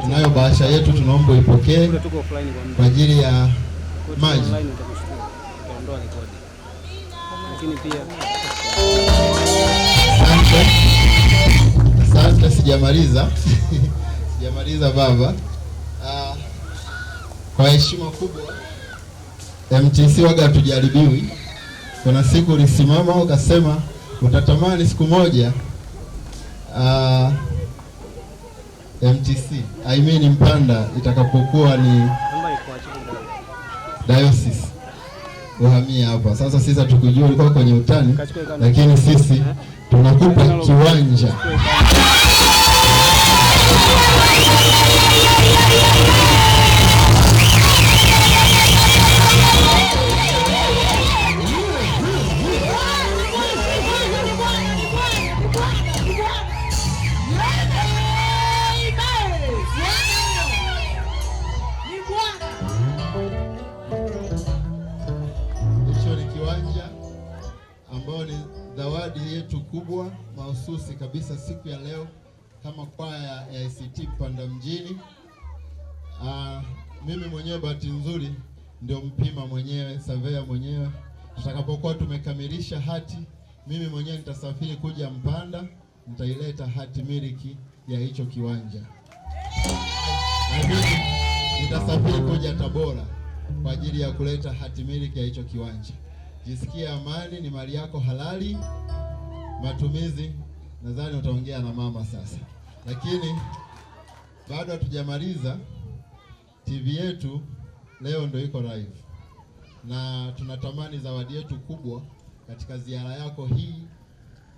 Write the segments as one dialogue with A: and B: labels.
A: Tunayo bahasha yetu, tunaomba ipokee kwa ajili ya maji. Asante, sijamaliza sijamaliza baba. Uh, kwa heshima kubwa MTC waga hatujaribiwi. Kuna siku ulisimama ukasema utatamani siku moja uh, MTC I mean Mpanda itakapokuwa ni diocese uhamia hapa sasa. Sisi hatukujua ulikuwa kwenye utani, lakini sisi tunakupa kiwanja mahususi kabisa siku ya leo kama kwaya ya ACT Mpanda mjini. Uh, mimi mwenyewe bahati nzuri ndio mpima mwenyewe, savea mwenyewe. Tutakapokuwa tumekamilisha hati, mimi mwenyewe nitasafiri kuja Mpanda, nitaileta hati miliki ya hicho kiwanja nitasafiri kuja Tabora kwa ajili ya kuleta hati miliki ya hicho kiwanja. Jisikia amani, ni mali yako halali matumizi nadhani utaongea na mama sasa, lakini bado hatujamaliza. TV yetu leo ndio iko live na tunatamani zawadi yetu kubwa katika ziara yako hii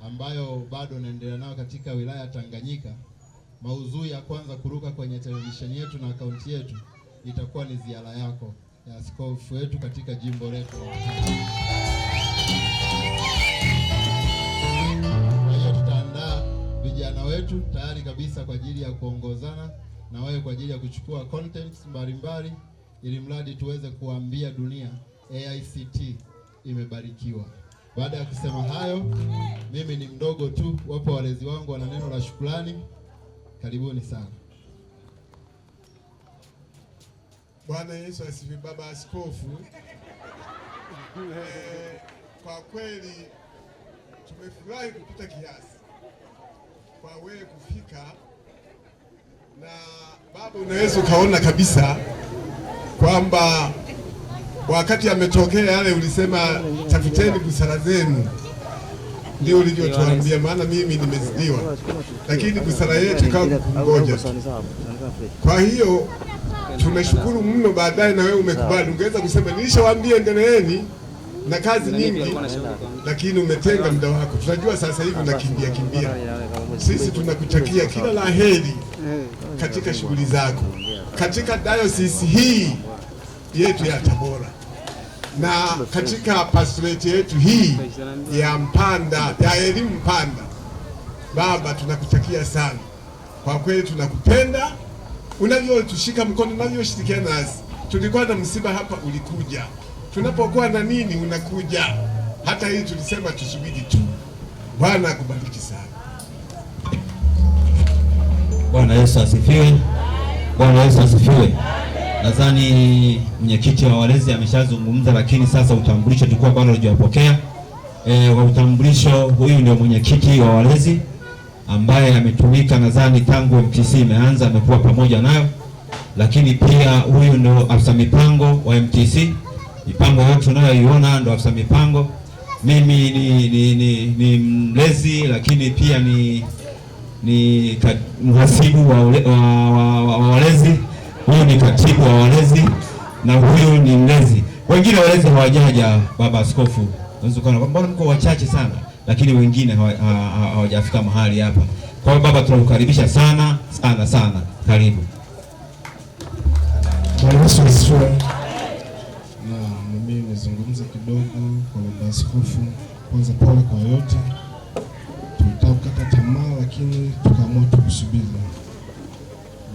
A: ambayo bado unaendelea nayo katika wilaya ya Tanganyika. Maudhui ya kwanza kuruka kwenye televisheni yetu na akaunti yetu itakuwa ni ziara yako ya askofu wetu katika jimbo letu. wetu tayari kabisa kwa ajili ya kuongozana na wewe kwa ajili ya kuchukua contents mbalimbali, ili mradi tuweze kuambia dunia AICT imebarikiwa. Baada ya kusema hayo, mimi ni mdogo tu, wapo walezi wangu wana neno la shukrani. Karibuni sana.
B: Bwana Yesu asifi. Baba Askofu, eh, kwa kweli tumefurahi kupita kiasi kwa wewe kufika, na baba, unaweza ukaona kabisa kwamba wakati ametokea ya yale, ulisema tafuteni busara zenu, ndio ulivyotuambia, maana mimi nimezidiwa, lakini busara yetu ikawa kungoja. Kwa hiyo tumeshukuru mno, baadaye na wewe umekubali, ungeweza kusema nilishawaambia, endeleeni na kazi nyingi, lakini umetenga muda wako. Tunajua sasa hivi unakimbia kimbia, sisi tunakuchakia kila la heri eh, katika shughuli zako katika dayosisi hii yetu ya Tabora na katika pastorate yetu hii ya Mpanda ya elimu Mpanda. Baba, tunakutakia sana kwa kweli, tunakupenda unavyotushika mkono, unavyoshirikiana nasi. Tulikuwa na msiba hapa, ulikuja tunapokuwa na nini unakuja. Hata hii tulisema tusubiri tu. Bwana akubariki sana.
A: Bwana Yesu asifiwe. Bwana Yesu asifiwe. Nadhani mwenyekiti wa walezi ameshazungumza, lakini sasa utambulisho tukua bado hujapokea. E, wa utambulisho, huyu ndio mwenyekiti wa walezi ambaye ametumika nadhani tangu MTC imeanza amekuwa pamoja nayo, lakini pia huyu ndio afisa mipango wa MTC mipango yote unayoiona ndo afisa mipango. Mimi ni, ni, ni, ni mlezi lakini pia ni ni mhasibu wa walezi wa, wa, wa, wa huyu ni katibu wa walezi na huyu ni mlezi. Wengine walezi hawajaja, baba askofu, mbona mko wachache sana, lakini wengine hawajafika mahali hapa. Kwa hiyo baba, tunakukaribisha sana sana sana, karibu
B: wadogo, kwa baba askofu, kwanza pole kwa yote. Tulitaka kukata tamaa, lakini tukaamua tukusubiri.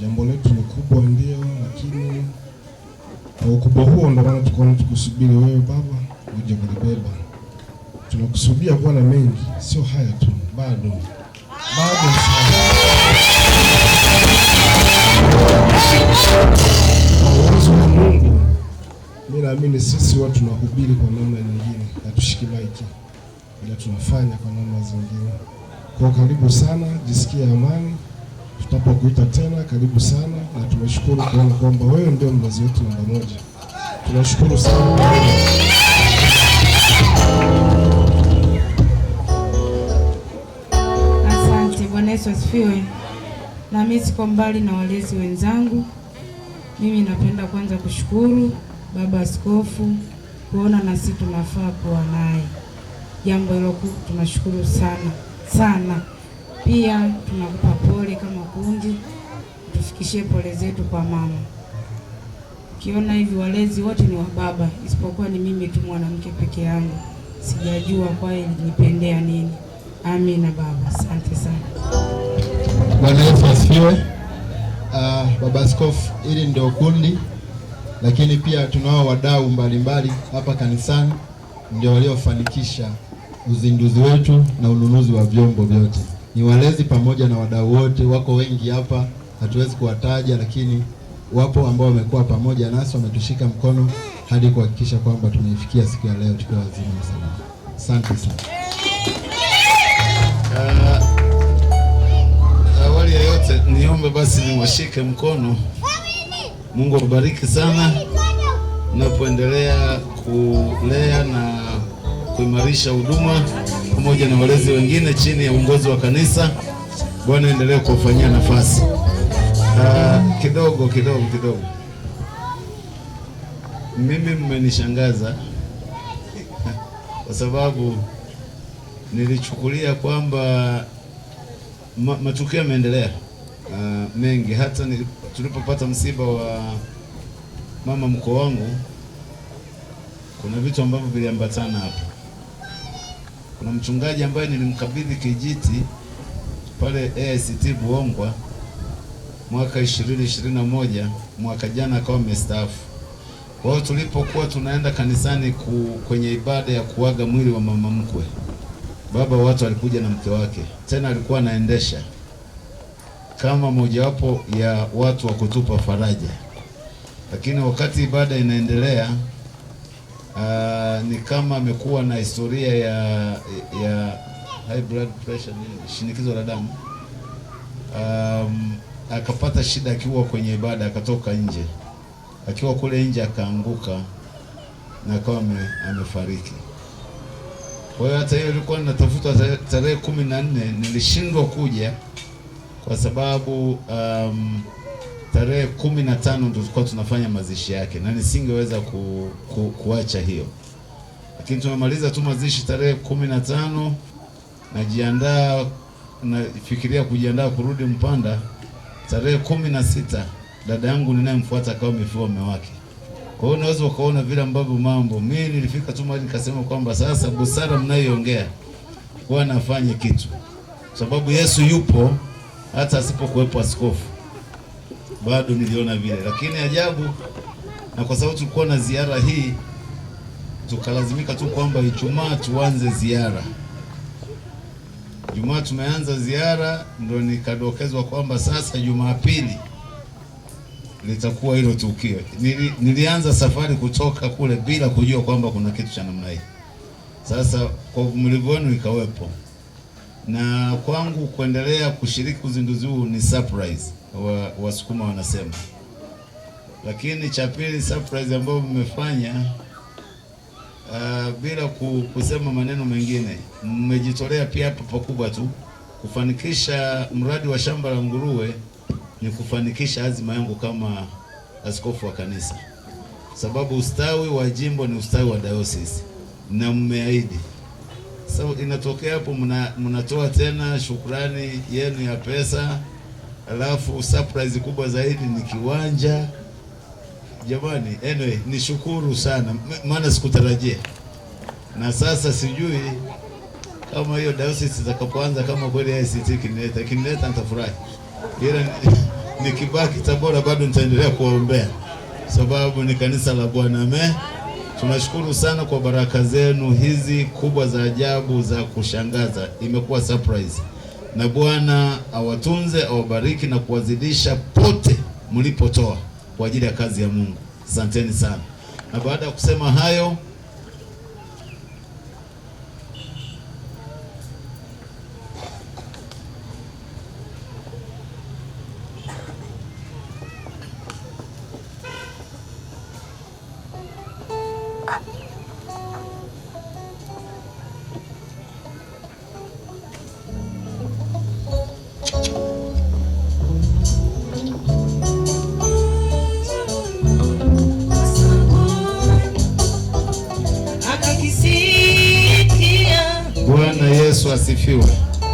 B: Jambo letu ni kubwa, ndio, lakini kwa ukubwa huo ndio maana tukaona tukusubiri wewe baba uje kulibeba. Tunakusubia Bwana mengi, sio haya tu, bado bado naamini sisi watu tunahubiri kwa namna nyingine, hatushikiliki ila tunafanya kwa namna zingine. Kwa karibu sana, jisikie amani. Tutapokuita tena, karibu sana, na tumeshukuru kuona kwamba wewe ndio mlezi wetu namba moja. Tunashukuru sana.
C: Asante. Bwana Yesu asifiwe. Nami siko mbali na walezi wenzangu. Mimi napenda kwanza kushukuru baba askofu kuona na sisi tunafaa kuwa naye. Jambo hilo tunashukuru sana sana. Pia tunakupa pole kama kundi, tufikishie pole zetu kwa mama. Ukiona hivi walezi wote ni wa baba, isipokuwa ni mimi tu mwanamke peke yangu, sijajua kwa ilinipendea nini. Amina baba, asante sana.
A: Bwana Yesu asifiwe. Uh, baba askofu, hili ndio kundi lakini pia tunao wadau mbalimbali hapa kanisani ndio waliofanikisha uzinduzi wetu na ununuzi wa vyombo vyote. Ni walezi pamoja na wadau wote, wako wengi hapa, hatuwezi kuwataja, lakini wapo ambao wamekuwa pamoja nasi, wametushika mkono hadi kuhakikisha kwamba tumeifikia siku ya leo tukiwa wazima na salama. Asante sana. Uh, awali ya yote niombe basi niwashike mkono Mungu akubariki sana napoendelea kulea na kuimarisha huduma pamoja na walezi wengine chini ya uongozi wa kanisa. Bwana endelee kuwafanyia nafasi. Uh, kidogo kidogo kidogo, mimi mmenishangaza kwa sababu nilichukulia kwamba ma matukio yameendelea uh, mengi. Hata tulipopata msiba wa mama mko wangu, kuna vitu ambavyo viliambatana hapo. Kuna mchungaji ambaye nilimkabidhi kijiti pale AICT Buongwa mwaka 2021 mwaka jana akawa mstaafu. Kwa hiyo tulipokuwa tunaenda kanisani ku, kwenye ibada ya kuaga mwili wa mama mkwe, baba watu alikuja na mke wake, tena alikuwa anaendesha kama mojawapo ya watu wa kutupa faraja, lakini wakati ibada inaendelea Uh, ni kama amekuwa na historia ya ya high blood pressure, shinikizo la damu. Um, akapata shida akiwa kwenye ibada, akatoka nje, akiwa kule nje akaanguka na akawa amefariki. Kwa hiyo hata hiyo ilikuwa natafuta tarehe kumi na nne nilishindwa kuja kwa sababu um, tarehe kumi na tano ndio tulikuwa tunafanya mazishi yake na nisingeweza ku, ku, kuacha hiyo, lakini tumemaliza tu mazishi tarehe kumi na tano. Najiandaa, nafikiria kujiandaa kurudi Mpanda tarehe kumi na sita dada yangu ninayemfuata akawa amefia mume wake. Kwa hiyo unaweza ukaona vile ambavyo mambo, mimi nilifika tu mahali nikasema kwamba sasa busara mnayoongea kuwa nafanye kitu, sababu Yesu yupo hata asipokuwepo askofu bado niliona vile, lakini ajabu, na kwa sababu tulikuwa na ziara hii, tukalazimika tu kwamba Ijumaa tuanze ziara. Ijumaa tumeanza ziara, ndio nikadokezwa kwamba sasa Jumapili litakuwa hilo tukio. Nili, nilianza safari kutoka kule bila kujua kwamba kuna kitu cha namna hii. Sasa kwa uvumilivu wenu ikawepo na kwangu kuendelea kushiriki uzinduzi huu ni surprise, wa wasukuma wanasema. Lakini cha pili surprise ambayo mmefanya uh, bila kusema maneno mengine, mmejitolea pia hapa pakubwa tu kufanikisha mradi wa shamba la nguruwe, ni kufanikisha azima yangu kama askofu wa kanisa, sababu ustawi wa jimbo ni ustawi wa dayosisi na mmeahidi So inatokea hapo, mnatoa tena shukrani yenu ya pesa, alafu surprise kubwa zaidi ni kiwanja. Jamani, anyway, nishukuru sana, maana sikutarajia. Na sasa sijui kama hiyo diocese zitakapoanza kama kweli ICT kinileta kinileta, nitafurahi, ila nikibaki Tabora bado nitaendelea kuwaombea, sababu ni kanisa la Bwana. Amen. Tunashukuru sana kwa baraka zenu hizi kubwa za ajabu za kushangaza, imekuwa surprise. Na Bwana awatunze awabariki na kuwazidisha pote mlipotoa kwa ajili ya kazi ya Mungu. Asanteni sana. Na baada ya kusema hayo it.